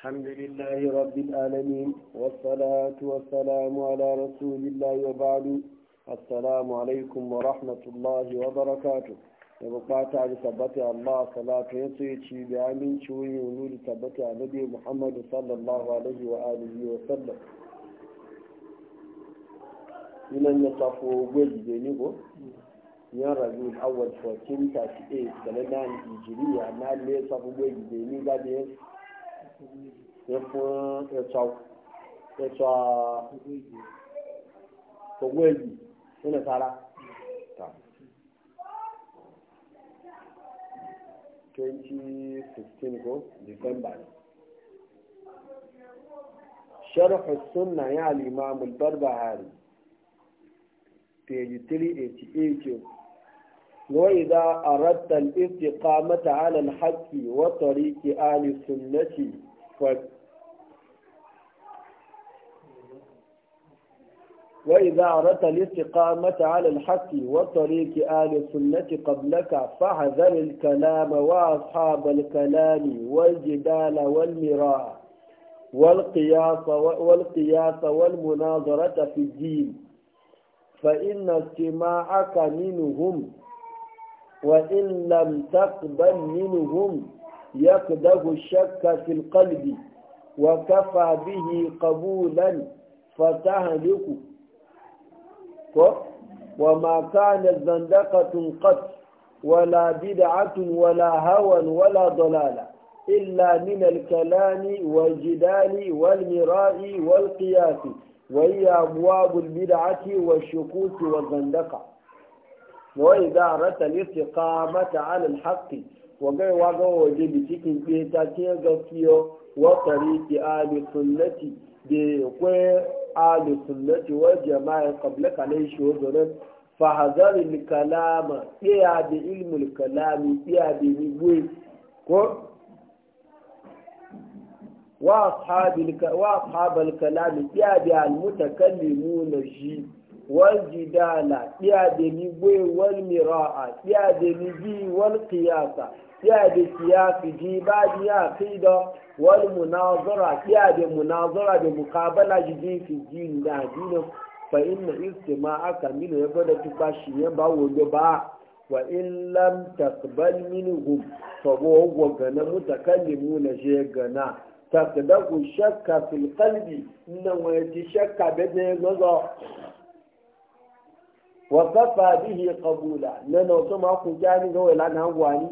الحمد لله رب العالمين والصلاة والسلام على رسول الله وبعد السلام عليكم ورحمة الله وبركاته يبقات على ثبت الله صلاة يسيتي بأمين شوي ونور ثبت النبي محمد صلى الله عليه وآله وسلم إلى يصفوا وجد جنبه yan rabiul awwal 1438 kalenda hijiriya na lesa bugu gideni gabe ẹ̀fún ẹ̀tọ́ ẹ̀tọ́ owó èyí nínú sára. twenty ko december شرح السنة يا الإمام البربهاري page 388 وإذا أردت الاستقامة على الحق وطريق آل سنتي فؤاد وإذا أردت الاستقامة على الحق وطريق آل السنة قبلك فاحذر الكلام وأصحاب الكلام والجدال والمراء والقياس والقياس والمناظرة في الدين فإن استماعك منهم وإن لم تقبل منهم يقده الشك في القلب وكفى به قبولا فتهلك وما كانت زندقة قط ولا بدعة ولا هوى ولا ضلالة إلا من الكلام والجدال والمراء والقياس وهي أبواب البدعة والشكوك والزندقة وإذا أردت الاستقامة على الحق wagai waga waje da cikin keta ce gaskiyo wa tariki ahli sunnati da kwai ahli sunnati wa jama'a qabla kalai shi wazonan fahazari kalama tsaya da ilmul kalami tsaya da nigwe ko wa ashabal kalami tsaya da almutakallimuna shi waljidala ɗiya da ni gwe wal mira'a ɗiya da ni bi wal qiyasa ɗiya da kiyasi ji ba ji ya qida wal munazara ɗiya da munazara da muqabala ji ji fi ji da dinin fa inna istima'a kamilu ya bada tuka shi ya ba wodo ba wa in lam taqbal minhum fa huwa gana mutakallimuna je gana taqdaku shakka fil qalbi inna wa shakka bada yazo wa bihi qabula na wato ma ku jani ga wala na gwani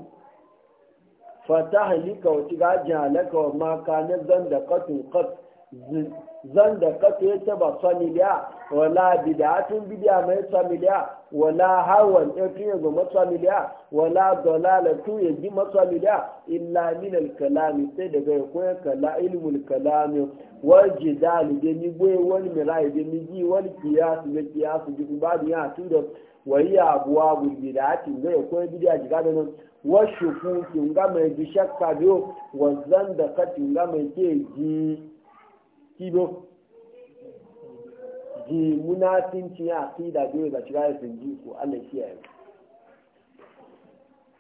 fatahlika wata ga jalaka wa ma kana zan da qat zan da kasu ya ce ba sa miliya wala bidatun bidiya mai sami miliya wala hawan ɗin ya ga masa miliya wala dalalatu ya ji masa miliya illa min al-kalami sai daga ya koya kala ilmul kalami wal jidal da ni goye wani mirai da ni ji wal qiyas da qiyas ji ba ya tu da wayya abuwa bidati ga ya koya bidiya ji ga nan wa shuku kin ga mai bi shakka biyo wa zan da katin ga mai ke ji kibo ji munafinci ya da biyu da cikin yasin ji ko Allah shi yayi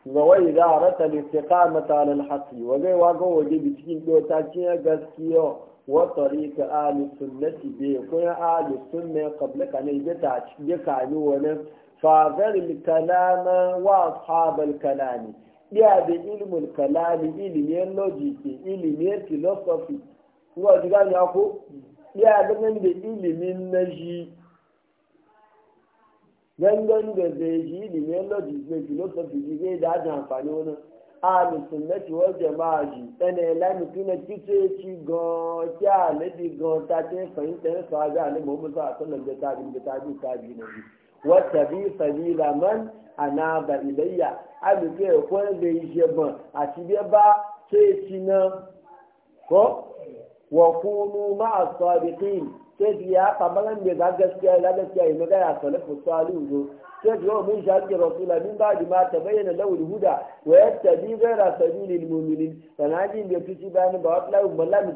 ga wai da rata istiqamata ala alhaqi wa gai wa waje bi cikin dota cin gaskiya wa tariqa ali sunnati be ko ya ali sunna qabla kana yata ya kani wannan fa gar kalama wa ashab kalami ya bi ilmul kalami ilmi logic ilmi philosophy kuma ji gani ko ya ganin da ilimin na shi gangan da zai shi ilimin logic zai philosophy ji zai da ajin amfani wani alu sunnati wal jama'a ji tana ila mutuna kice ci gan ki alabi gan ta ce fahimta na sahabi alabi muhammad sallallahu alaihi wasallam da tabi da tabi tabi na ji wata bi sabila man anaba ilayya alu ke ko da yi ban a ci ba ci ko wa kunu ma'a sabiqin sai biya kamalan me za gaskiya za gaskiya yi magana salafu salihu zo sai biya wa mun shaƙi rasula min ba ma ta bayyana lawul huda wa yattabi ghaira sabilil mu'minin sanadin da fici bayan ba wata lahu balla mu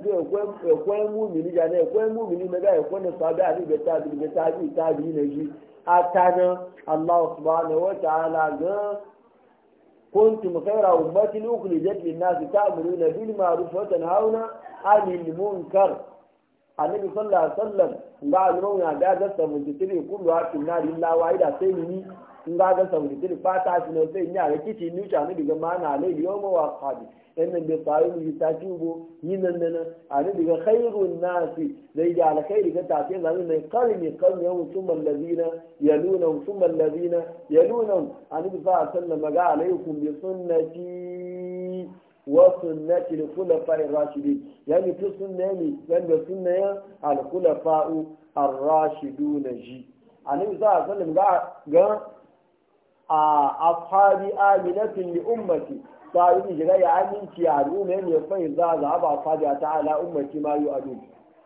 ya koyi mu'mini ja ne koyi mu'mini maga ya koyi sabi ta be tabi be tabi tabi ne shi atana allah subhanahu wa ta'ala ga kuntum khayra ummatin ukhrijat lin-nasi ta'muruna bil ma'ruf wa tanhauna 'anil munkar annabi sallallahu alaihi wasallam ba'd rawna da'a 73 kullu hatin nari illa wahida sai ni in ga ga sauri dil fata shi ne sai nya ga kici ni ta ni diga mana alai yau wa qadi in nan da sai mu ta tubo yin nan nan ani diga khairun nasi zai ga al ga ta ce zan ne qalmi qalmi yau thumma alladhina yaluna thumma alladhina yaluna ani bi sa sallama ga alaikum bi sunnati wa sunnati al-khulafa'ir rashidin yani tu sunna ne yanda sunna al-khulafa'u ar-rashidun ji annabi sallallahu ga a afhari aminatin li ummati ta yi jira ya aminci a rume ne fai za za ba fada ta ala ummati ma yu adu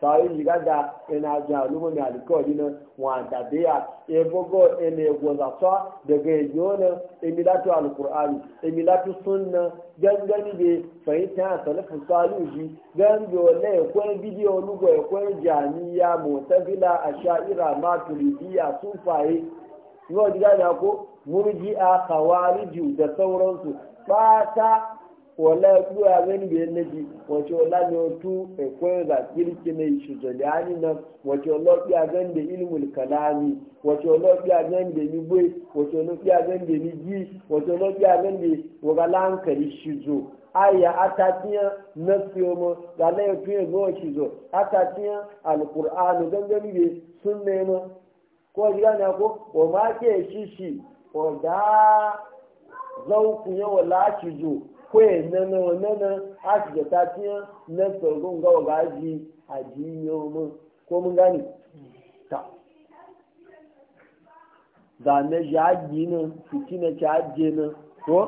ta yi jira da ina jalumu mai alkawari na wanda biya e gogo ene gozata daga yona emilatu alqur'ani emilatu sunna gangani be fahimta salafin saluji gango ne kwan bidiyo lugo kwan jami'a mutazila asha'ira sun sufaye wa ji gane ko murji a ju da sauransu ta wala kuwa gani bayan ji wace wala ne wato e, akwai ga kirki ne shujaliani nan wace wala kuwa gani da ilimin kalami wace wala kuwa gani da yi bai wace wala kuwa gani da yi ji wace wala kuwa gani da wala hankali shizo aya na nasiyomo ga laifin ya zo shizo atatiya alkur'anu gangami bai sun nema ko ji gane ko wa ma ke shi shi ko da zauku yawa laki jo ko ya nana wa nana a shi da ta tiya na tsoron gawa gaji a jiyo mun ko mun gane ta da na jaji nan fitina jaji nan ko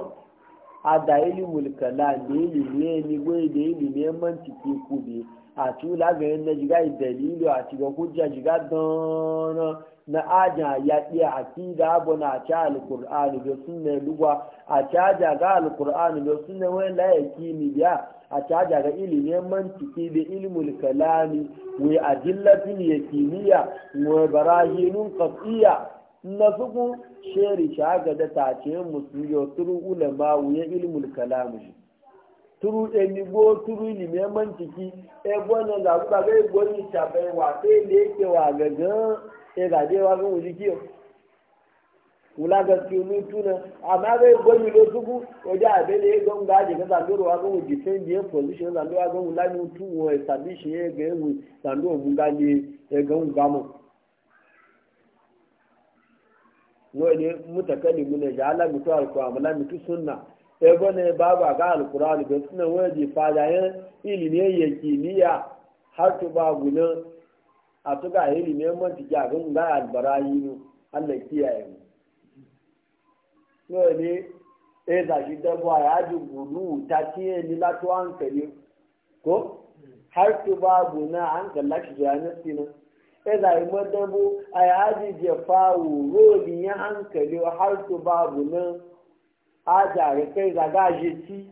a da ilimul kalam da ilimi ne gwai da ilimi mantiki ku bi a tula ga yin na jiga dalilu a cikin hujja jiga dana na aja ya iya akida abu na ci alkur'ani da sunna lugwa a caja ga alkur'ani da sunna wani layaki ni biya a caja ga ilimin mantiki da ilmul kalami wai ajillatin yakiniya wai barahinun qat'iyya na suku sheri shaga da tace musu yo turu ulama wai ilimul kalami turu emigbo turu ilimi mantiki ebo na da kuka ga igbo ni shafe wa sai wa gagan e ga je wa kan wuji kiyo wula ga tunu tuna amma ni lo tuku oje abe ne ga nga je ga da loro wa kan wuji sai biye position da loro wa kan wula wu da loro mu e mutu sunna ebe ne babu a ga alkurani da suna waje fadayen ilimin yakiniya har tu babu nan a tu ga ilimin mantiki a gan ga yi nu allah kiyaye mu yau ne e za shi dabuwa ya ji gudu ta tiye ni latu hankali ko har tu babu na hankali shi ya nasi na e za yi madabo a yaji ni wuro ya hankali har tu babu nan ajare kai zaga jeti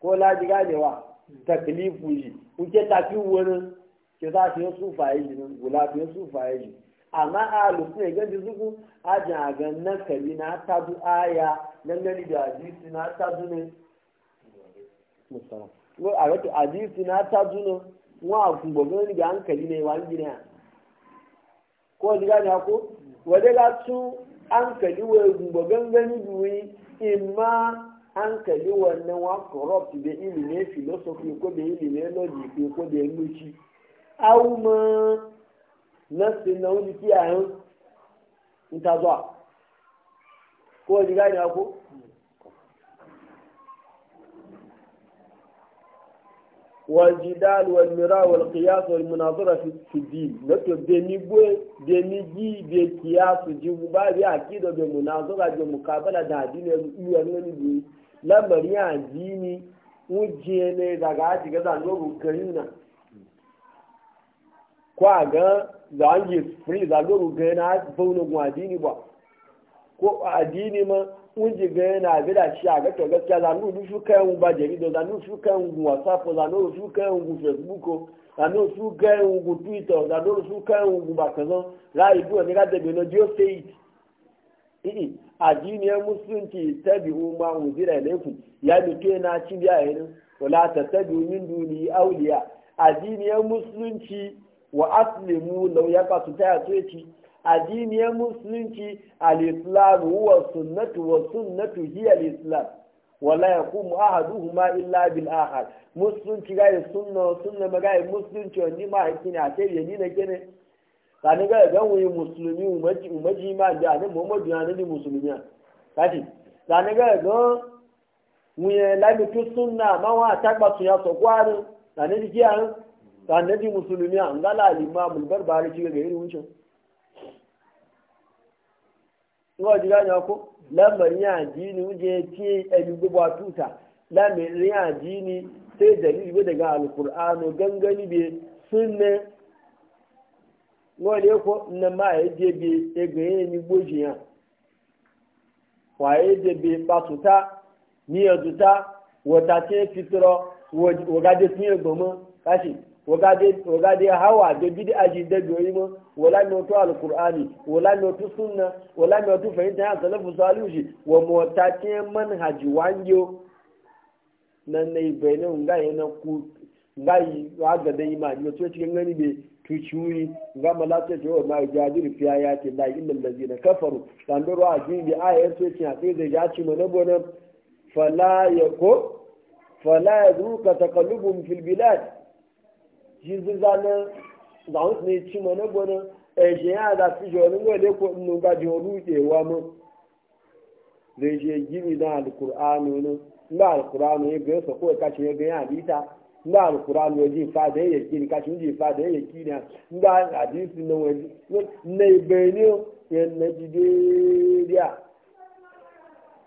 ko laji ganewa taklifu yi kuke tafi wani ke za su yi sufa yi jinin gula su yi sufa yi jinin amma a lusun egan da zugu ajin agan nan kari na tabu aya nan gani da hadisi na tabu ne a wato hadisi na tabu ne wa kumbo gani da hankali ne wa gina ko ko wadda ga hankali wa gumba gangani duwi imma hankali wannan wa corrupt da ilimin philosophy ko da ilimin logic ko da yanguci au na nasi na wani kiyayen ta zuwa ko wani gani ko والجدال والمراء والقياس والمناظرة في الدين نتو بنيبو بنيجي بقياس جيبوبا بأكيد بمناظرة بمقابلة ده دين يوانوني دي لما ريا ديني وجيني دعاتي كذا نوبو كرينا kwa ga za a yi free za a gani na bono kuma addini ba ko addini ma unji gbe na abida shi a gato gaskiya zanu du su kai un ba jarido zanu su kai un whatsapp zanu su kai un facebook zanu su kai twitter su kai un ba kazo rai du ne ga debe no dio state ii addiniyar musulunci ta biyu ma unzira ilaikum ya na cin biya yanin wala ta tabi min duni wa addiniyar musulunci al-islam huwa sunnatu wa sunnatu hiya al-islam wala yakumu ahaduhuma illa bil ahad musulunci ga sunna sunna ma ga musulunci ni ma hakini a sai ni na kene kani ga ga wani musulmi umaji umaji ma da ne muhammadu ya ne musulmi kaji kana ga ga la lami tu sunna ma wa takba su ya so kwaru kani ji ya kani ji musulmi an gala al-imam al-barbari ci ga irin wuce. wọ́n ti anya ọkụ lẹ́mọ̀rin àdínì oúnjẹ tí ẹni gbogbo àtúntà lẹ́mọ̀rin àdínì tó ìdẹ̀lú ìgbé daga alukur'anu gangani bíi súnmẹ wọ́n lè kó nnẹ́mà èdè bíi egbè ẹni gbòjì yàn wà èdè bíi pàtúntà níyàtúntà wọ́tà tí ń fitrọ wọ́gádé tí ń gbọmọ wagade hawa da bid'a aji da goyi ma wala ne to alqur'ani wala ne to sunna wala mi to fahimta ya salafu salihu shi wa mutake manhaji wanjo nan ne bayanin ga na ku ga yi ga da imani to cikin gani be tuciwi ga malaka ce wa ma mai jajiri fiya ya ce da illal ladina kafaru dan doro a ji bi ayat ce ce a sai da ya ci mana bonan fala yako fala yazuka taqallubum fil bilad jizu zanen zaun ne ci mana gwanin ẹ̀ṣẹ̀ yẹn le jọ nígbà lẹ́kọ̀ọ́ nínú gbàdí ọdún ìwà mọ́ lè ṣe jíri na alukur'anu ní na alukur'anu yẹn gbé sọ̀kọ́ ẹ̀ka ṣe yẹn gbé yẹn àdìta nígbà alukur'anu yẹn jí ni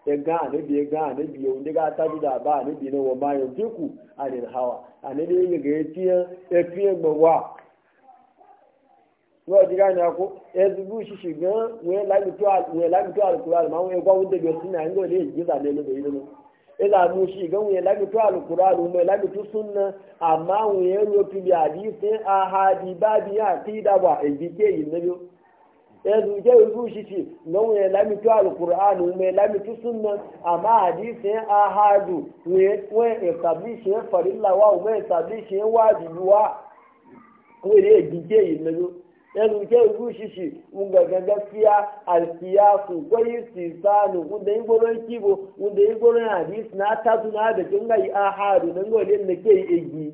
ya ga anabi ya ga anabi ya wunde ga ta da ba anabi na wa ma ya jiku anil hawa anabi ya ga ya tiya ya tiya gbawa wa ti ká ní akó ẹ̀sùgbù ṣíṣì gan wọ́n lágbìtó àlùkùrọ̀ àlùmọ́ àwọn ẹgbẹ́ àwọn tẹ̀gbẹ́ sí náà ń gbọ́dọ̀ èyí gbèsà lé lóde yìí lónìí ẹ̀sà mú ṣì gan wọ́n lágbìtó àlùkùrọ̀ àlùmọ́ lágbìtó súnà àmọ́ àwọn ẹ̀rọ pìlì àdìsí ahadìbábí àti ìdàbọ̀ èyí kéyìí nílò. yanzu je rubu shi ce nan ya lami tu alqur'anu mai lami tu amma hadisi ahadu wa establish ya farilla wa wa establish ya wajibi wa ko ne gije yanzu je kun da kibo da na ta tuna da kin ga ahadu nan gole ne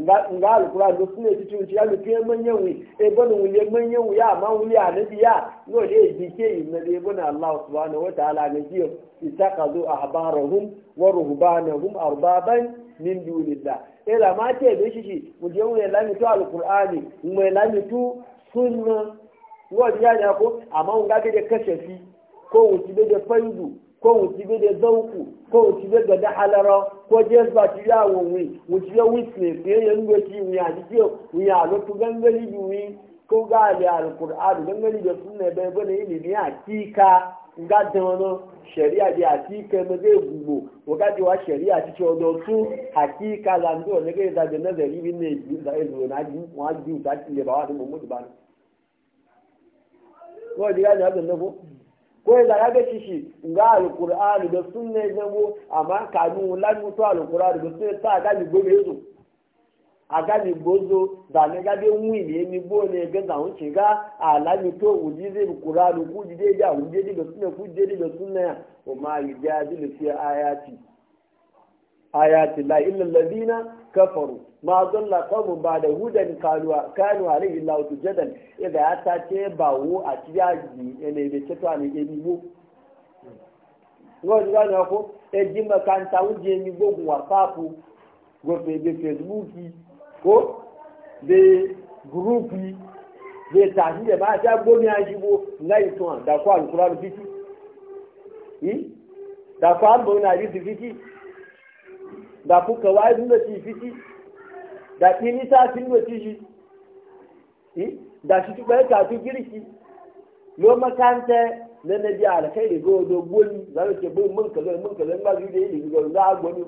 nga alukura ndo funu eti tu ti alupi emenye wi ebo ni wuli emenye wi ya ma wuli anabi ya ngo de edi ke yi mmebi ebo na allah subhana wa ta'ala ne jiyo itakazu ahbarahum wa ruhbanahum arbaban min dunillah ela ma te be shishi mudiyo ne lami tu alqur'ani mmwe lami tu sunna ngo de ya ko ama unga de kashefi ko uti be de fayudu ko wùtìgbé de dọ́wùkù ko wùtìgbé gẹ̀dẹ́ alẹ́rọ ko jésù àtìrí àwọn òwìn wùtìgbé wísìlẹ̀ fìyẹ́ yẹn ń gbèsè ìwìn àdìsí ìwìn àlòtú gángan níbi ìwìn kó gáàlì àlùkùrù àdù gángan níbi ìfún ẹ̀bẹ̀ nga dánwó sẹ̀rí àti àtìká ẹgbẹ́ gbogbo wọ́kàtí wa ju ti ko ya be da nga ga alkur'ani da sunna ama amma kanu wala mutu alkur'ani da sunna ta ga ni gobe zo a ga ni gozo da ne ga be wi ne mi bo ne na za hunci ga ala mi to uji zai ku ji dai da uji da ku ma fi ayati ayati la illa alladhina kafaru ma dalla qawmun ba'da hudan qalu kanu alayhi la tujadan idha ata ce bawo a ji ene be ce to ani ge ni wo ngo ji ga ko e ji ta u je ni bo wa whatsapp go pe be facebook ko de group de ta ni de ba ja gbo mi ajibo ngai an da ko alquran fiki yi hmm? da ko an bo na ji fiti? da kuka waye sun da ci fiti da ɗini ta sun da ci shi da shi tuɓa ya tafi girki lo makanta na na biya kai alkhairi ga wajen gwani za mu ke bin mun kaza mun kaza ba zai da yi daga za a gwani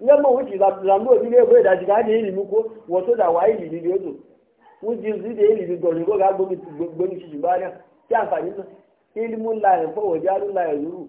nan ma wuce za mu wani ne bai da shi ga da yi ko wato da waye limi ne zo wuce zai da yi limi gwani ko ga gwani shi shi ba ne ta amfani da ilimin layin fa wajen layin zuru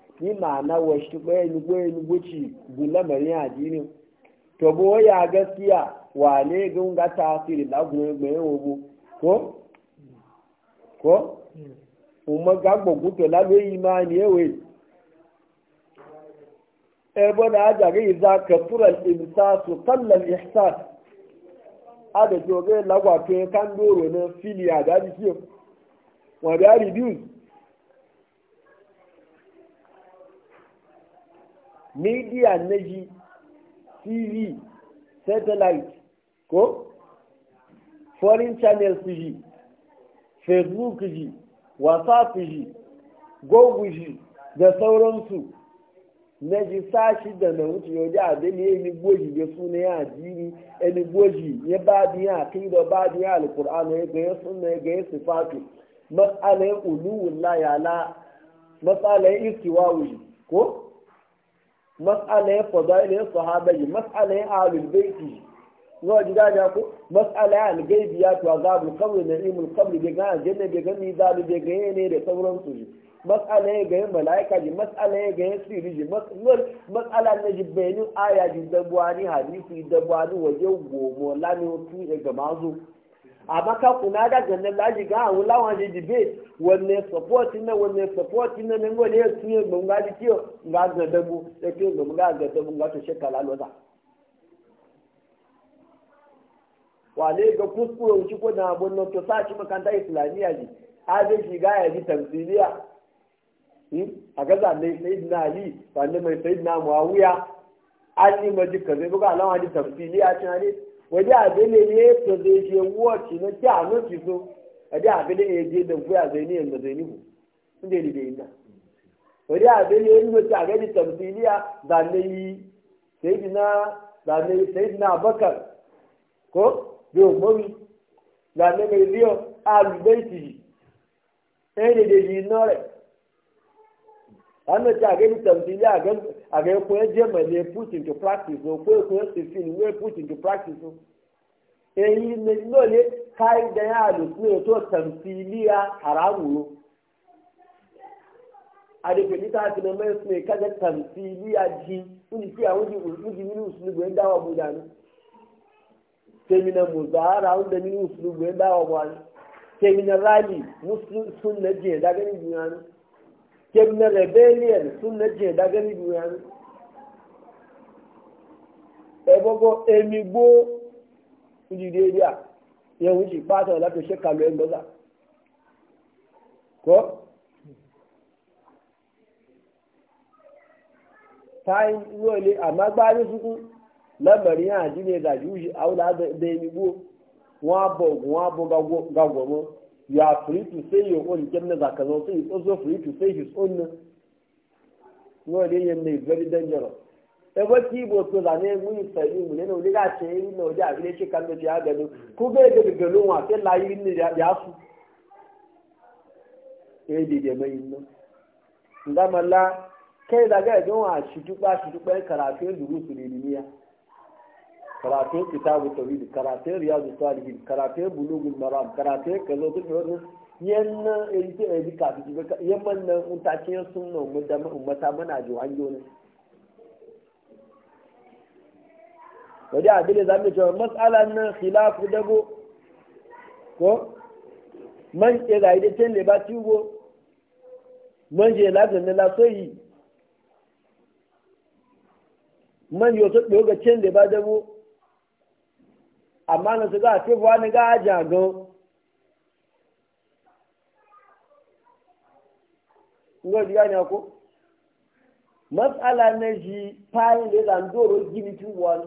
ni ma'ana washi bayani goyin guci bulamarin addinin to bo ya gaskiya wane gun ga tasiri da gun gbe obo ko ko o ga gbogbo to la be imani ewe e da aja ga iza ka tura al imsas qalla al ihsas ada joge lagwa kan doro na filia da ji wa da reduce media na ji tv satellite ko foreign su ji facebook ji whatsapp ji google ji da sauransu na ji sashi da na wuce yau da abin ya yi gwaji ya suna ya jini ya gwaji ya ba ya kai da ba biya alkur'an ya ga ya suna ya ga ya sifatu matsalai ulu wula ya la matsalai istiwa wuji ko mas'ala ya fadaili ya sahabai mas'ala ya ahlul baiti zuwa ji ya ko mas'ala ya algaibi ya to azabul kawai na ilmul qabr bi ga janna bi ga mizalu bi ga ne da sauran su mas'ala ya ga malaika ji mas'ala ya ga sirri ji mas'ala na ji bayanin aya ji dabwani hadisi dabwani waje gobo lani tu ga mazu amma ka kuna ga ganin laji ga awon lawan ji debate wanne support na wanne support na ne ngole ya tuye mun ga ji kiyo ga ga dabu ya kiyo ga mun ga ga dabu ga to shekala loza wale ga kuskure uci ko da abun nan to sa ci makanta islamiya ji a zai shiga ya ji tamsiliya a gaza ne sayyidina ali sannan mai sayyidina muawiya an yi maji kaze buga alawa ji tamsiliya cin hadisi wajen abin ne ya ta zai je wuwaci na a nufi so wajen ne ya ne a gani tamsiliya da na yi sai da yi sai dina bakar ko bi umari da na mai riyo alubaiti ɗaya yi aga ekwe jemele put into practice o kwe ekwe sifin we put into practice o eyi ne lole kai da ya lo ku e to tamthiliya haramu no ade pe nita ti na mai sme kaga tamthiliya ji uni fi awon ji uji mini usulubu en dawa bu danu temina muzara awon da mini usulubu en dawa bu danu temina rali muslim sunna je daga ni dinu kemna rebellion sunna je dagani duyan e bogo emi gbo ndi dedia ye wuji pato la to sheka lo ngoza ko time wole amagba ni suku lamari ha ji ne da juji aula da emi gbo wọn abọ ogun wọn abọ gagwọ mọ you are free to say your own na zaka zo so also free to say his own no dey yem na very dangerous ebe ti bo to da ne mu ni sai mu ne no ga che ni no ja ile che kan do ja ga do ku be de de lo wa se la yi ne ya su e di de mai no ndamala kai da ga ga wa shi tuba shi tuba karatu da rusul ya. karatun kitabu tawhid karatun riyadu salihin karatun bulugul maram karatun kazo duk wannan yan a ebi kafi jibe yan man nan untacin sunna ummata ummata mana jo hanjo ne wadi abin da zamu ce mas'alan nan khilafu dabo ko man ke da ide ten le ba tiwo man je la ne la soyi man yo to doga ten le ba dabo amma na su ga fi buwa ni ga jagan ngo diga ni ako masala na ji fayin da zan doro gini tun wani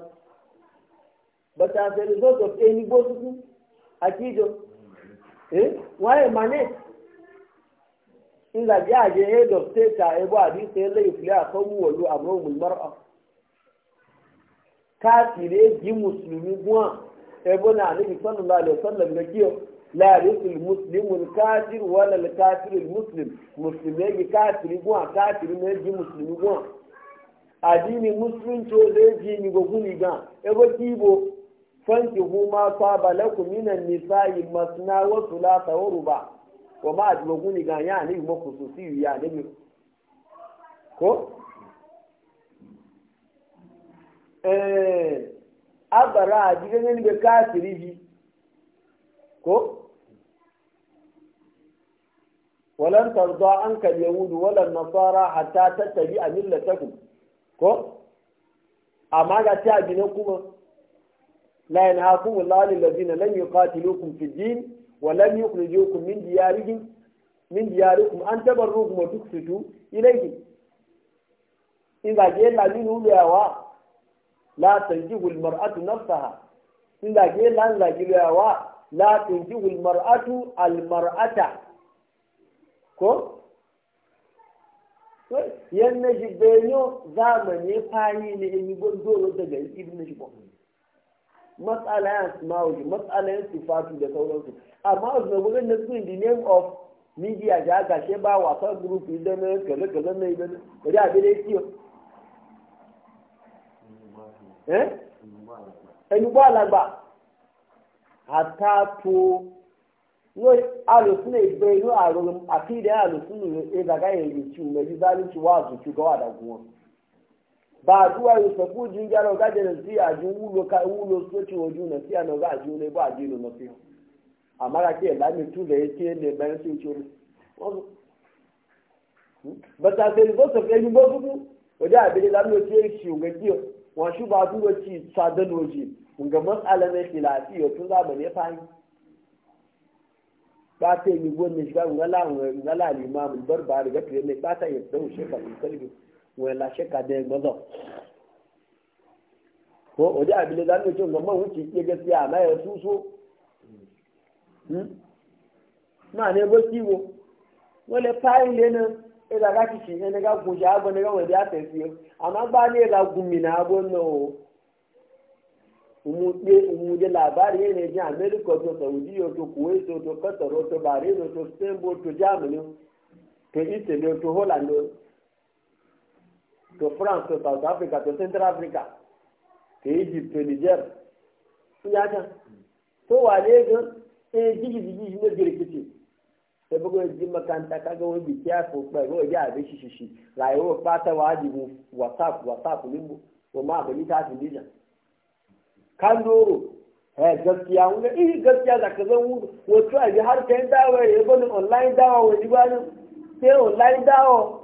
but as a result of any bosuku akijo eh why mane in da ya je head of state a ebo abi sai a fiya mu wolu amru mul mar'a kafire gi musulmi gwan ebona annabi sallallahu alaihi wasallam ga kiyo la yusul muslimul kafir wala al kafirul muslim muslimi ga kafiri gwa kafiri ne ji muslimi gwa adini muslim to le ji ni go guni ga ebo kibo fanki huma fa balaku minan nisa'i masna wa thulatha wa ruba wa ma adlo guni ga ya ni mo khususi ya ne ko eh abara a jikin yin bai ko walan tarda an kal yahudu walan nasara hatta tattabi a ku? ko amma ga ta gina kuma la yanhaakum Allahu lil ladina lam yuqatilukum fi din wa lam yukhrijukum min diyarikum min diyarikum an tabarrukum wa tuksitu ilayhi in ga je la min hudawa la tanjihu almar'atu nafsaha inda ke lan yawa? la tanjihu almar'atu almar'ata ko yan na shi benyo zamani fayi ne in yi gondoro daga ibn shi ba matsala ya ji matsala ya sifatu da sauransu amma a zuwa wurin na sun the name of media ga gashe ba wasan group idan na kaza kaza na idan da abin da ya ẹnugbọ́ alàgbà àtàtò lórí alòsùn ìgbẹ́ inú àrùn àfihàn alòsùn ìdàgá èrè tí o mẹ́jú bá ní ti àtúntò gọ́wà dàgùn wọn. bàdúrà ìsọ̀kú jíjá náà gájẹ náà sí àjò wúlò sókè ojú náà sí àná ọgá àjò náà bó àjò ìlú náà fi hàn. àmàlà kí ẹ̀ na tún lè ẹ̀ sí hmm? bàtà wa ba duwa ci sadan waje ga matsala na khilafi ya tun zaba ne fahim ba ta yi gwanne shiga ngala ngala bar barbar da fiye ne ba ta yi da tsawo shekar musulmi wani la shekar da ya gbazo ko waje abin da zanen cin gamban wuce iya gaskiya amma ya suso hmm? na ne ba kiwo wale fahim ne ila ga ki shine ne ga goja abu ne ga ya ata fiye amma ba ne ga gumina abu na o umude umude labari ne ji america to saudi yo to kuwait to qatar to bahrain to spain to germany to italy to holland to france to south africa to central africa to egypt to niger ya ta hmm. to wale ga e jigi jigi ne girkiti sai bugu jin makaranta kaga wani biki ya fi bai ruwa ya abin shi shi rayuwar fata wajibu whatsapp whatsapp limbo ko ma abin ta fi dija kan doro eh gaskiya wanda eh gaskiya zaka zan wudu wato a har kai dawo ya bani online dawo wani bani sai online dawo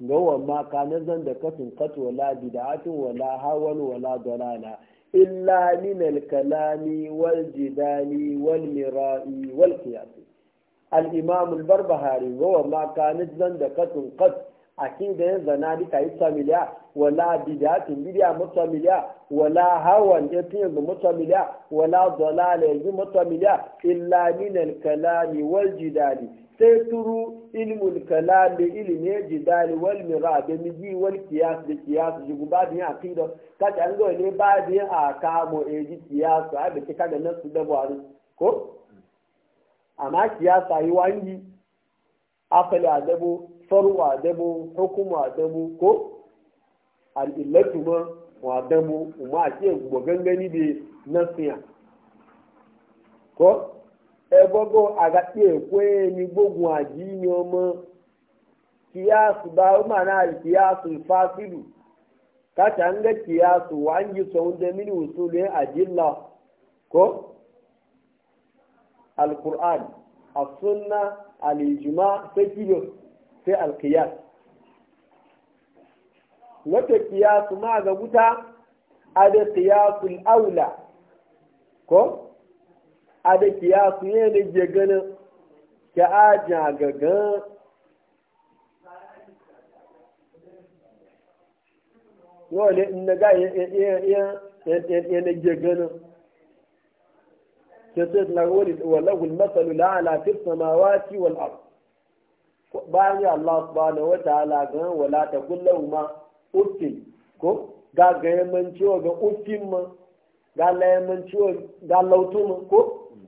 ga wamma kanar zan da kasin kato wala bid'atin wala hawan wala dalala illa min al-kalami wal jidali wal mira'i wal qiyas al-imam al-barbahari ga wamma kanar zan da kasin kato da ya zana ni yi samiliya wala bidatin bidia mutamiliya wala hawan ya tiye yanzu mutamiliya wala dalala yanzu mutamiliya illa min al-kalami wal jidali sai turu ilmul kalam ili ilimin jidal wal mira da miji wal kiyas da kiyas ji guba da yin aqida ka ta ngo ne ba da yin akamo e ji kiyas a da kika ga nasu da bwari ko amma kiyas ayi wangi afali adabu faru adabu hukumu adabu ko al illatu ma wa adabu umma ke gbo gangani be nasiya ko ebogo agati ekweni gbogun ni ọmọ kiyasu ba umana alkiyasu fasidu kata an ga kiyasu wa an yi tsawon mini usulun ajilla ko alkur'an as-sunna al-ijma sai kiyo sai alkiyas wata kiyasu ma ga guta ada kiyasul aula ko a da kiyasu ne ne je ganin ki ajin gagan yau ne in na ga yana je ganin ke sai na wani walahul masalu la'ala fi samawati wal ard bayan ya Allah subhanahu wa ta'ala ga wala ta kullu ma uffin ko ga ga yaman ciwo ga uffin ma ga la yaman ciwo ga lautu ma ko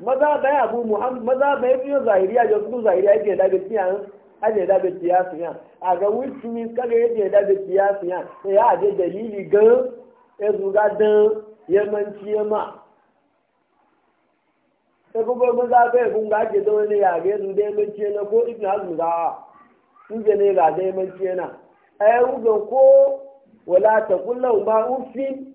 maza bai abu muhammad maza bai biyo zahiriya ya su zahiriya yake da gaskiya aje da bi tiya siya a ga which means kaga ke da be tiya siya sai ya e aje dalili ga ya e zuga dan yamanci yama ma. E ko ba maza bai kun ake ke da wani ya ga su da yamanci na ko ibn hazm ga sun je ne ga da yamanci na ya ugan ko wala ta ma ufin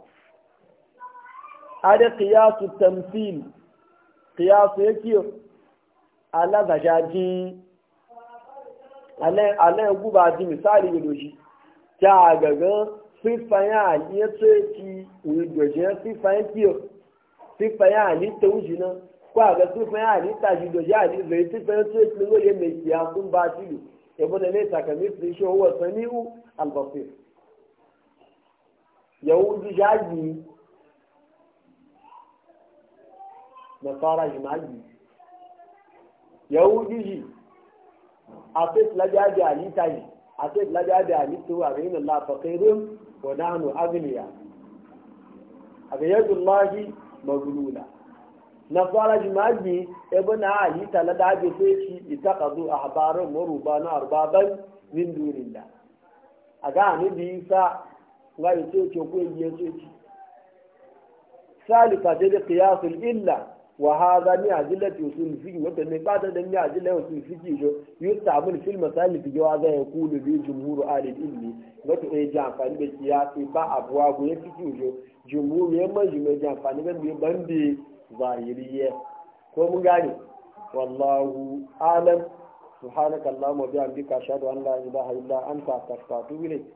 ada qiyasu tamthil ya yake ala zajaji ala ala guba ji misali gidoshi ta gaga sifanya aliye tsoki udoje sifanya kiyo sifanya ali tawji na kwa ga sifanya ali taji doje ali zai sifanya tsoki ne goye mai kiya kun ba tilu yabo da ne takamit shi huwa samiu albasir yahudi jaji nasara jima'i yahudi ji a sai laja da alita yi, a sai laja da alita wa bayin Allah faqirun wa nahnu aghniya abiyadu llahi maglula nasara jima'i na alita yi da ji sai shi a habarin maruba na arbaban min dunillah aga ni bi isa ngai ce ce ko yi ce ci salika da kiyasul illa وهذا من أدلة أصول الفقه وتن بعد ذلك من أدلة أصول الفقه يستعمل في المسائل في جواز يقول به جمهور أهل العلم wato ya ji amfani da kiyasi ba abuwa ko ya fiki ujo jumhur ya man jumhur ji amfani da mai bande zahiriye ko mun gane wallahu alam subhanakallahumma bihamdika ashhadu an la ilaha illa anta astaghfiruka wa atubu ilayk